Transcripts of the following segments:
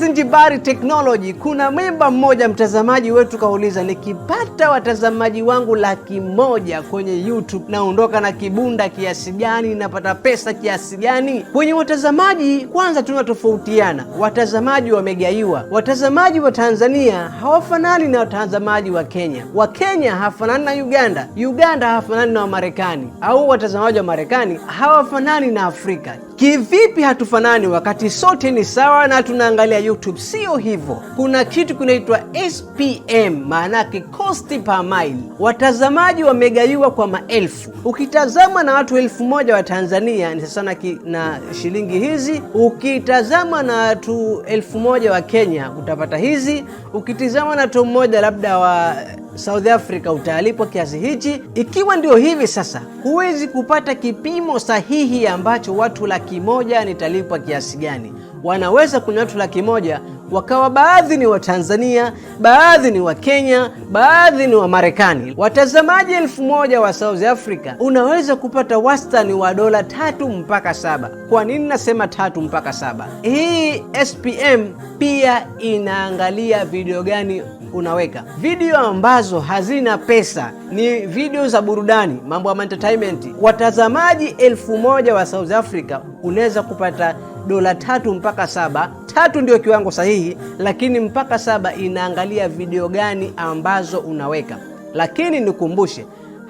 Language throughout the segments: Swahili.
Zanzibari Technology, kuna memba mmoja mtazamaji wetu kauliza, nikipata watazamaji wangu laki moja kwenye YouTube naondoka na kibunda kiasi gani? Napata pesa kiasi gani? Kwenye watazamaji, kwanza tunatofautiana. Watazamaji wamegaiwa. Watazamaji wa Tanzania hawafanani na watazamaji wa Kenya. Wa Kenya hawafanani na Uganda. Uganda hawafanani na Wamarekani, au watazamaji wa Marekani hawafanani na Afrika. Kivipi hatufanani wakati sote ni sawa na tunaangalia YouTube? Sio hivyo. Kuna kitu kinaitwa SPM, maana yake cost per mile. Watazamaji wamegaiwa kwa maelfu. Ukitazama na watu elfu moja wa Tanzania ni sasa na shilingi hizi. Ukitazama na watu elfu moja wa Kenya utapata hizi. Ukitizama na mtu mmoja labda wa South Africa utalipwa kiasi hichi. Ikiwa ndio hivi sasa, huwezi kupata kipimo sahihi ambacho watu laki moja nitalipwa kiasi gani. Wanaweza kuna watu laki moja wakawa baadhi ni Watanzania, baadhi ni Wakenya, baadhi ni Wamarekani. Watazamaji elfu moja wa South Africa unaweza kupata wastani wa dola tatu mpaka saba. Kwa nini nasema tatu mpaka saba? Hii SPM pia inaangalia video gani unaweka video ambazo hazina pesa, ni video za burudani, mambo ya entertainment. Watazamaji elfu moja wa South Africa unaweza kupata dola tatu mpaka saba. Tatu ndio kiwango sahihi, lakini mpaka saba inaangalia video gani ambazo unaweka. Lakini nikumbushe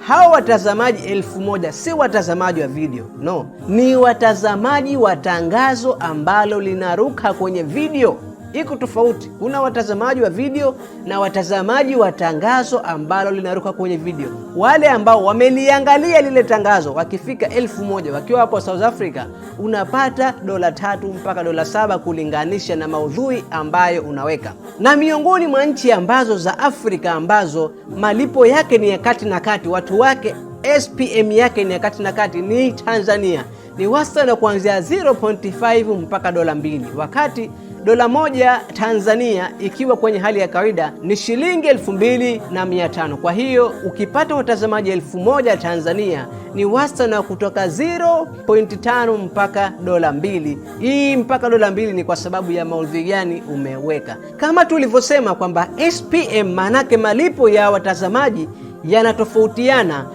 hawa watazamaji elfu moja si watazamaji wa video, no, ni watazamaji wa tangazo ambalo linaruka kwenye video iko tofauti. Kuna watazamaji wa video na watazamaji wa tangazo ambalo linaruka kwenye video. Wale ambao wameliangalia lile tangazo wakifika elfu moja wakiwa hapo South Africa, unapata dola tatu mpaka dola saba kulinganisha na maudhui ambayo unaweka. Na miongoni mwa nchi ambazo za Afrika ambazo malipo yake ni ya kati na kati, watu wake SPM yake ni ya kati na kati ni Tanzania, ni wastani wa kuanzia 0.5 mpaka dola mbili wakati dola moja Tanzania ikiwa kwenye hali ya kawaida ni shilingi elfu mbili na mia tano. Kwa hiyo ukipata watazamaji elfu moja Tanzania ni wastani wa kutoka 0.5 mpaka dola mbili. Hii mpaka dola mbili ni kwa sababu ya maudhui gani umeweka, kama tulivyosema kwamba SPM maanake malipo ya watazamaji yanatofautiana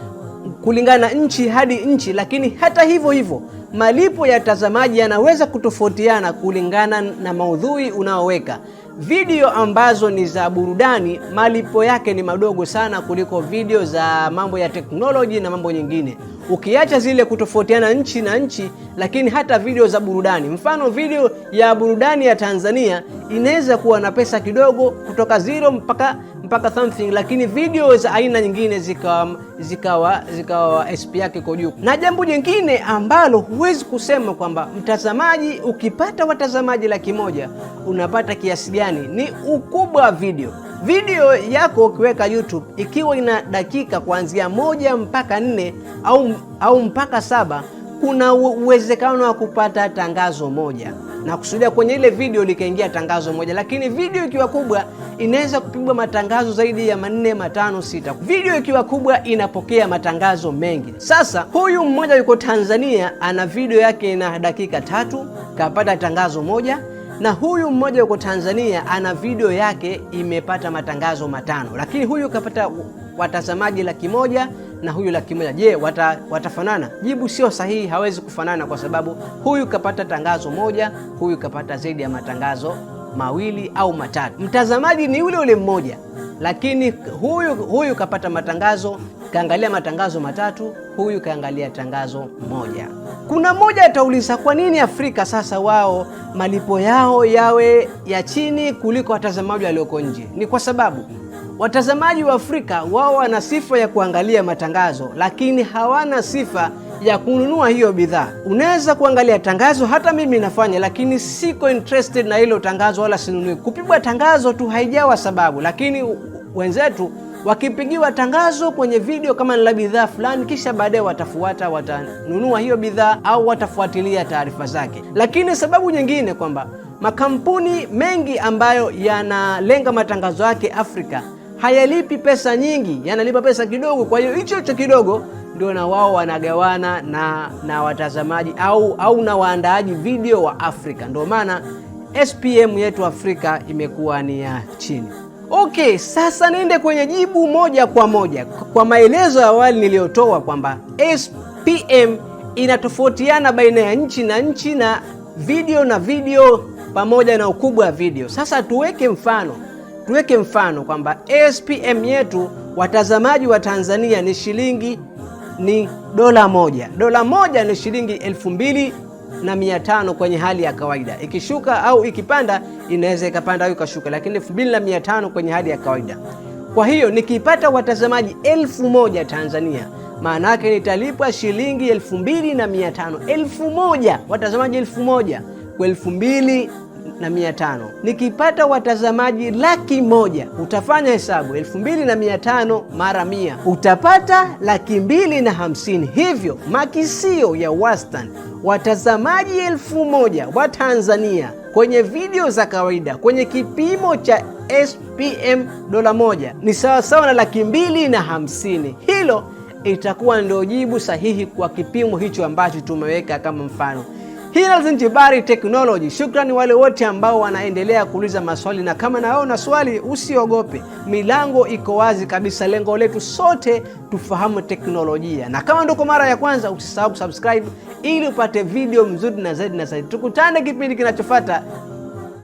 kulingana nchi hadi nchi, lakini hata hivyo hivyo malipo ya mtazamaji yanaweza kutofautiana kulingana na maudhui unaoweka. Video ambazo ni za burudani malipo yake ni madogo sana kuliko video za mambo ya teknoloji na mambo nyingine, ukiacha zile kutofautiana nchi na nchi, lakini hata video za burudani, mfano video ya burudani ya Tanzania inaweza kuwa na pesa kidogo kutoka zero mpaka mpaka something, lakini video za aina nyingine zikawa zikawa zikawa SP yake kwa juu. Na jambo jingine ambalo huwezi kusema kwamba mtazamaji, ukipata watazamaji laki moja unapata kiasi gani, ni ukubwa wa video video yako ukiweka YouTube ikiwa ina dakika kuanzia moja mpaka nne au, au mpaka saba kuna uwezekano wa kupata tangazo moja na kusudia kwenye ile video likaingia tangazo moja, lakini video ikiwa kubwa inaweza kupigwa matangazo zaidi ya manne, matano, sita. Video ikiwa kubwa inapokea matangazo mengi. Sasa huyu mmoja yuko Tanzania, ana video yake ina dakika tatu, kapata tangazo moja na huyu mmoja yuko Tanzania ana video yake imepata matangazo matano, lakini huyu kapata watazamaji laki moja na huyu laki moja, je, wata, watafanana? Jibu sio sahihi, hawezi kufanana kwa sababu huyu kapata tangazo moja, huyu kapata zaidi ya matangazo mawili au matatu. Mtazamaji ni yule yule mmoja, lakini huyu huyu kapata matangazo, kaangalia matangazo matatu, huyu kaangalia tangazo moja. Kuna mmoja atauliza kwa nini Afrika sasa wao malipo yao yawe ya chini kuliko watazamaji walioko nje? Ni kwa sababu Watazamaji wa Afrika wao wana sifa ya kuangalia matangazo, lakini hawana sifa ya kununua hiyo bidhaa. Unaweza kuangalia tangazo, hata mimi nafanya, lakini siko interested na hilo tangazo, wala sinunui. Kupigwa tangazo tu haijawa sababu, lakini wenzetu wakipigiwa tangazo kwenye video kama ni la bidhaa fulani, kisha baadaye watafuata, watanunua hiyo bidhaa au watafuatilia taarifa zake. Lakini sababu nyingine kwamba makampuni mengi ambayo yanalenga matangazo yake Afrika hayalipi pesa nyingi, yanalipa pesa kidogo. Kwa hiyo hicho hicho kidogo ndio na wao wanagawana na, na watazamaji au, au na waandaaji video wa Afrika. Ndio maana SPM yetu Afrika imekuwa ni ya chini. Okay, sasa niende kwenye jibu moja kwa moja kwa maelezo ya awali niliyotoa kwamba SPM inatofautiana baina ya nchi na nchi na video na video pamoja na ukubwa wa video. Sasa tuweke mfano tuweke mfano kwamba ASPM yetu watazamaji wa Tanzania ni shilingi ni dola moja. Dola moja ni shilingi elfu mbili na kwenye hali ya kawaida, ikishuka au ikipanda inaweza ikapanda au ikashuka, lakini elfu mbili na kwenye hali ya kawaida. Kwa hiyo nikipata watazamaji elfu moja Tanzania, maana yake nitalipwa shilingi elfu mbili na elfu moja watazamaji elfu moja kwa elfu mbili na mia tano. Nikipata watazamaji laki moja, utafanya hesabu elfu mbili na mia tano mara mia, utapata laki mbili na hamsini. Hivyo makisio ya wastani watazamaji elfu moja wa Tanzania kwenye video za kawaida kwenye kipimo cha SPM dola moja ni sawasawa na laki mbili na hamsini. Hilo itakuwa ndio jibu sahihi kwa kipimo hicho ambacho tumeweka kama mfano. Hills Njibari Technology. Shukrani wale wote ambao wanaendelea kuuliza maswali, na kama na wewe una swali usiogope, milango iko wazi kabisa. Lengo letu sote tufahamu teknolojia, na kama ndio kwa mara ya kwanza, usisahau kusubscribe ili upate video mzuri na zaidi na zaidi. Tukutane kipindi kinachofuata.